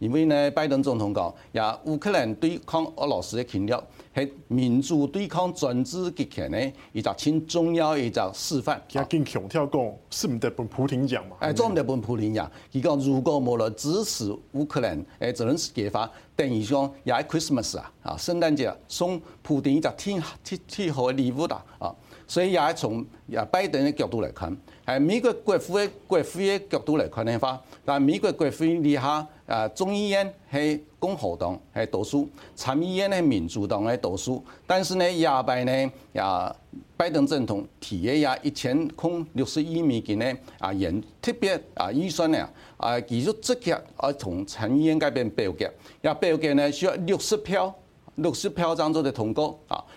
因為呢，拜登總統講也，烏克蘭對抗俄羅斯的侵略係民主對抗專制極權嘅一個很重要的一個示範，而且堅強，聽、哦、是是講是唔、嗯、得本·普廷獎嘛？誒，裝唔得本·普廷獎。佢講，如果冇咗支持烏克蘭，誒，只能是揭發。第二張也 Christmas 啊，啊，聖誕節送普廷一個天天天好的禮物啦，啊、哦！所以也從也拜登的角度來看，喺美國國會嘅國會嘅角度來看的話，但美國國會底下，誒、呃，眾議院係共和黨係倒數，參議院的民主黨係倒數。但是呢，亞伯呢，也、呃、拜登總統提議也一千空六十億美金呢，啊、呃，特別啊，預算咧，啊，佢就直接而從參議院改變表決，要表決呢需要六十票，六十票當中就通過。啊。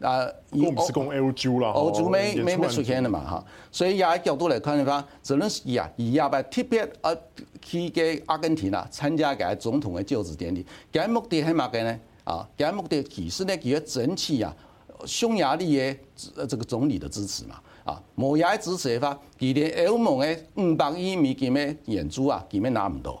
啊，歐洲冇冇冇出現的嘛哈，嗯、所以廿個角度來看的話，只能是啊廿廿八，特別啊，去給阿根廷啊參加嘅總統的就職典禮。佢嘅目的係乜嘅呢？啊，佢嘅目的其實呢，佢要爭取啊匈牙利嘅這個總理的支持嘛。啊，冇佢支持嘅話，佢連歐盟的五百億美金的援助啊，根本拿唔到。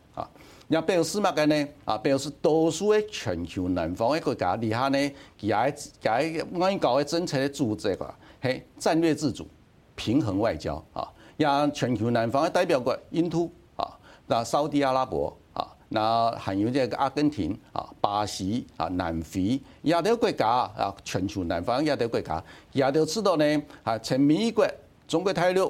你表示乜嘅呢？啊，表示多數的全球南方的國家咧，佢呢，佢喺我哋搞嘅政策的組織，啊，戰略自主、平衡外交啊。而全球南方的代表國，印度啊，那沙特阿拉伯啊，那還有這個阿根廷啊、巴西啊、南非，亞洲國家啊，全球南方亞洲國家，亞洲知道呢，嚇，從美國、中國大陸。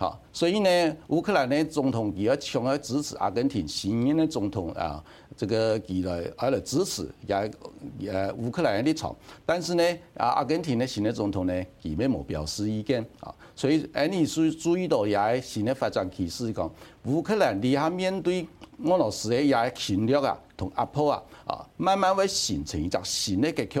好，所以呢，烏克蘭的總統也要想要支持阿根廷新的總統啊，這個佢嚟喺度支持，也也烏克蘭的立場。但是呢，啊阿根廷的新的總統呢，佢咩冇表示意見啊。所以，誒你注注意到也新的發展趨勢講烏克蘭而家面對俄羅斯嘅也侵略啊同壓迫啊，啊慢慢會形成一個新的格局。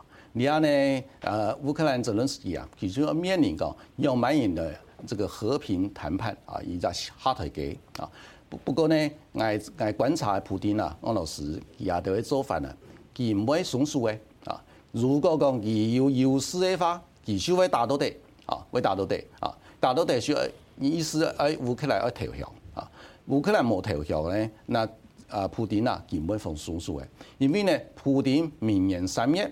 你啊呢？呃，烏克蘭澤連斯基啊，其實面要面臨個要滿眼的這個和平談判啊，一家下台階。啊。不不過呢，挨挨觀察的普京啊，安老師也就、啊、會做飯呢，佢唔會鬆手的啊。如果講佢有有事的話，繼續會打到的啊，會打到的啊，打到的需要意思誒，烏克蘭要投降啊。烏克蘭冇投降呢，那啊，普京啊，佢根本唔會放鬆手的，因為呢，普京明年三月。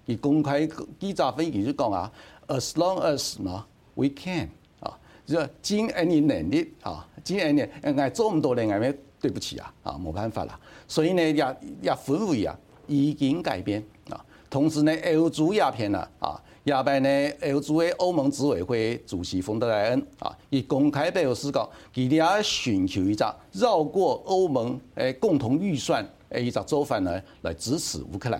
佢公開記者分析就講啊，as long as we can 啊，就盡按你能力啊，盡按你，唉做咁多人，唉咩，對不起啊，啊冇辦法啦，所以呢，也也氛圍啊已經改變啊，同時呢，也歐足亞片啦，啊亞伯呢，歐洲嘅歐盟執委會主席馮德萊恩啊，佢公開俾我思考，佢哋阿尋求一個繞過歐盟誒共同預算誒，一個做法呢，來支持烏克蘭。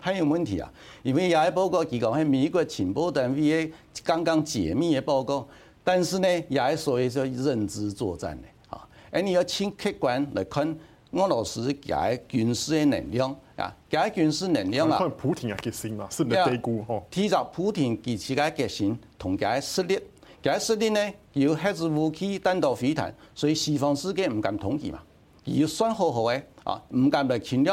很有問題啊！因為也一報告提供係美國情報單位 A 剛剛解密嘅報告，但是呢廿一屬於認知作戰嘅，嚇！誒你要請客觀嚟看俄羅斯嘅軍事嘅能量啊，廿一軍事能量啊！睇下普亭又決心啊，甚至低估哦。睇集普亭佢自己決心同佢嘅勢力，佢嘅勢力呢由核子武器、彈道飛彈，所以西方世界唔敢統計嘛，要算好好嘅啊，唔敢嚟侵略。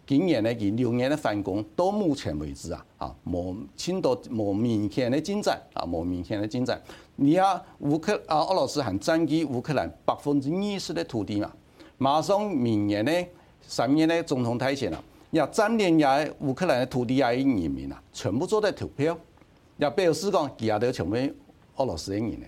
今年的佢兩年，年的反攻，到目前為止啊，啊冇簽到冇明顯的進展，啊冇明顯的進展。你家、啊、烏克啊，俄羅斯還佔據烏克蘭百分之二十的土地嘛。馬上明年咧，什年呢，總統提前啦，要佔領下烏克蘭嘅土地下移民啊，全部做啲投票。要表示講，而家都成為俄羅斯的人民的。